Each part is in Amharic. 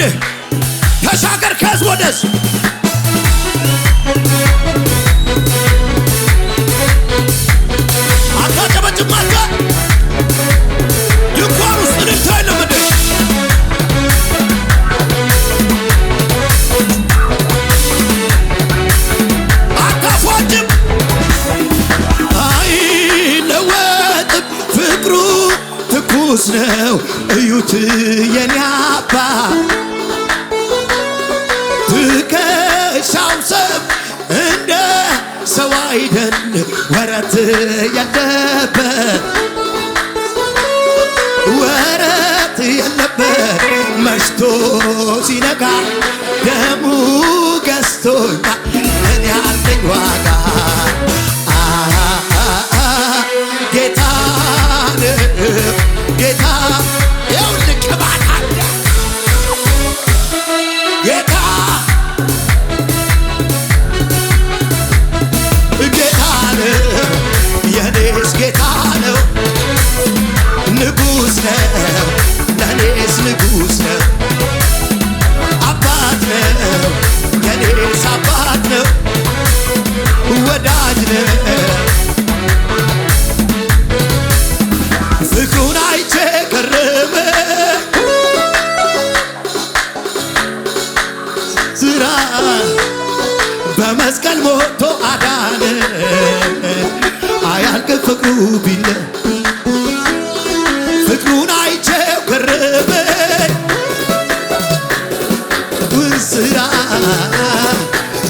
ዘመድህ ተሻገር ከዝ ወደዝ አታጨበጭባታ ፍቅሩ ትኩስ ነው እዩት ወረት የለበት ወረት የለበት መሽቶ ሲነጋ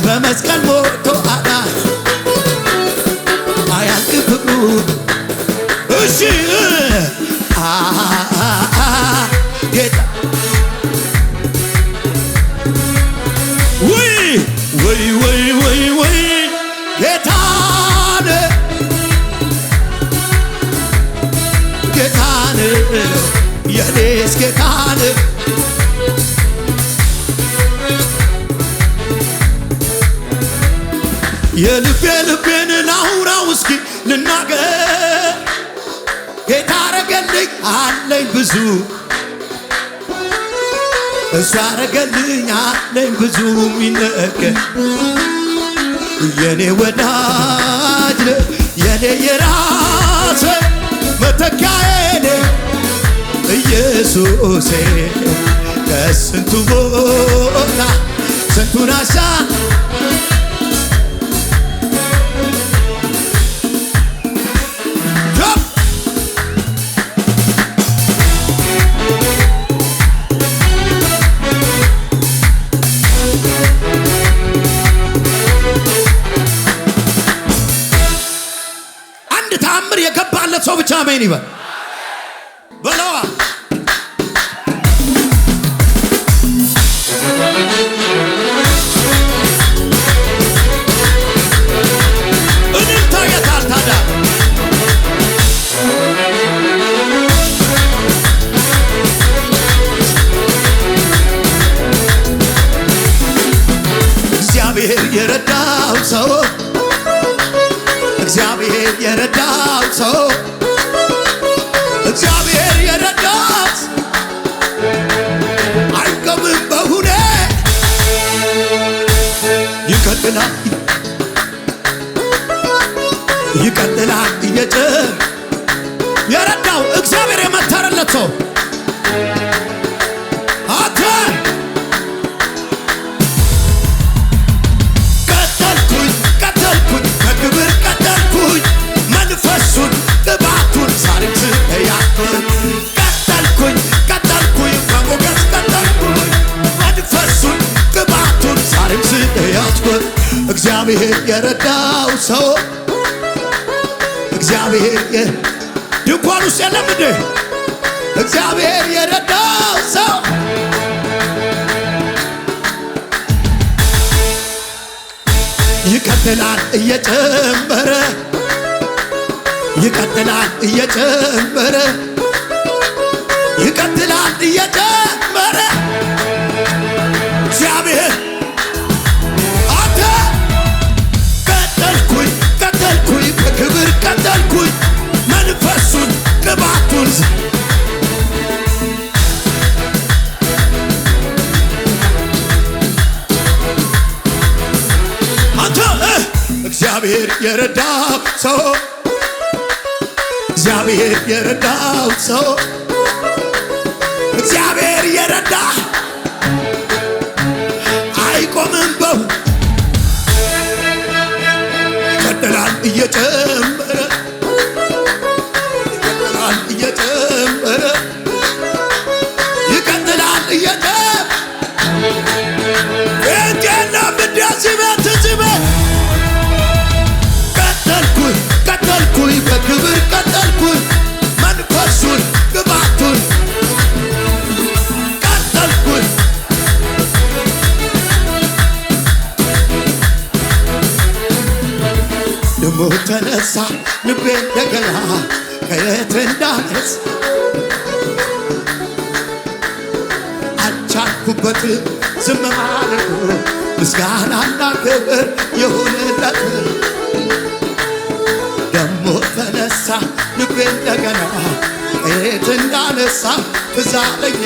በመስቀል ሞቶ አዳን አያልቅ ፍቅሩ እሺ ጌታ ጌታ ጌታን የልቤ ልቤን ላውራው እስኪ ልናገር ጌታ አረገልኝ አለኝ ብዙ እሱ አረገልኝ አለኝ ብዙ ሚነገር የኔ ወዳጅ የኔ የራሴ መተካዬ ኢየሱሴ ከስንቱ ቦታ ስንቱን አሳ over time, anyway. የረዳው ሰው እግዚአብሔር ድንኳን ውስጥ የለም እንዴ? እግዚአብሔር የረዳው ሰው ይቀጥላል እየጨመረ ይቀጥላል እየጨመረ እግዚአብሔር የረዳው ሰው እግዚአብሔር የረዳው ሰው ተነሳ ልቤ እንደገና ከየት እንዳነሳ አልቻልኩበት ዝም ማለቱ ምስጋናና ክብር የሆነለት ደሞ ተነሳ ልቤ እንደገና ከየት እንዳነሳ ብዛለኝ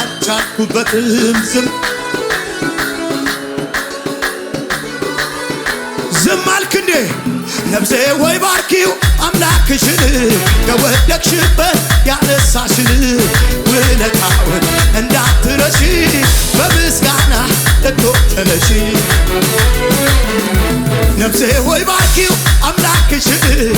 አልቻልኩበትም ዝም አልክ እንዴ ነብሴ ወይ ባርኪው አምላክሽን ከወደቅሽበት ያነሳሽን ውለታውን እንዳትረሺ በምስጋና ልትወተለሺ ነብሴ ወይ ባርኪው አምላክሽን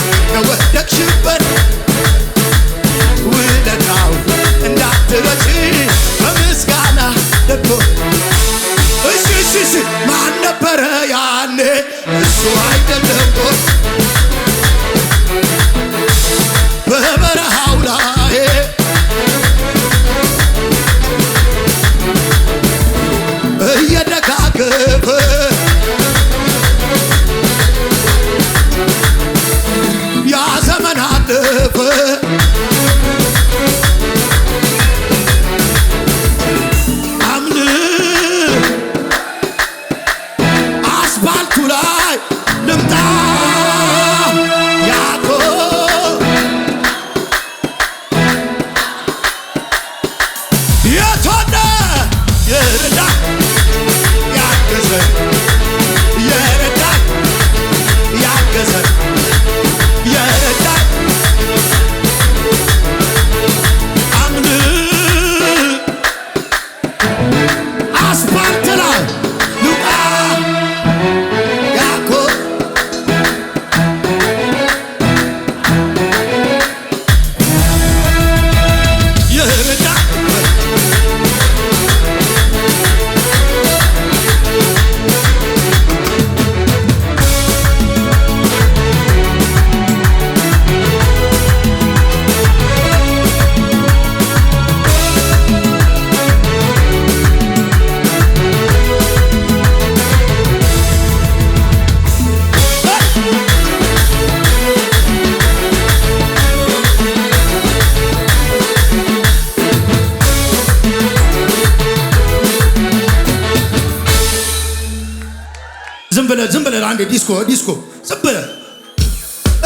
ብለህ ዝም ብለህ አንዴ ዲስኮ ዲስኮ ዝም ብለህ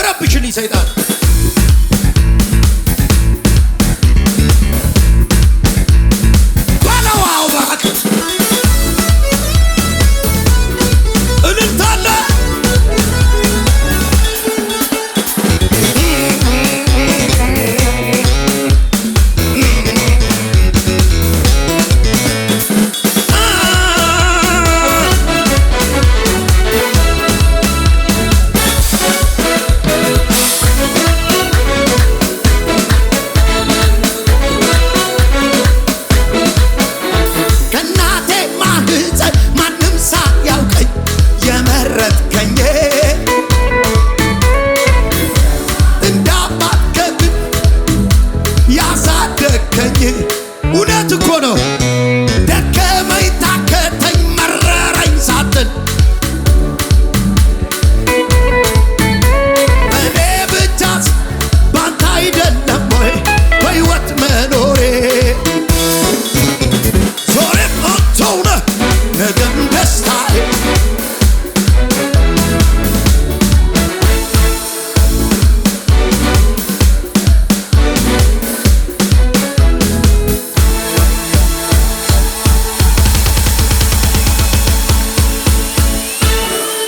ረብሽልኝ ሰይጣን ማለት እኮ ነው። ደከመኝ፣ ታከተኝ፣ መረረኝ ሳትል እኔ ብቻት ባንተ አይደለም ወይ በሕይወት መኖሬ ዞሬም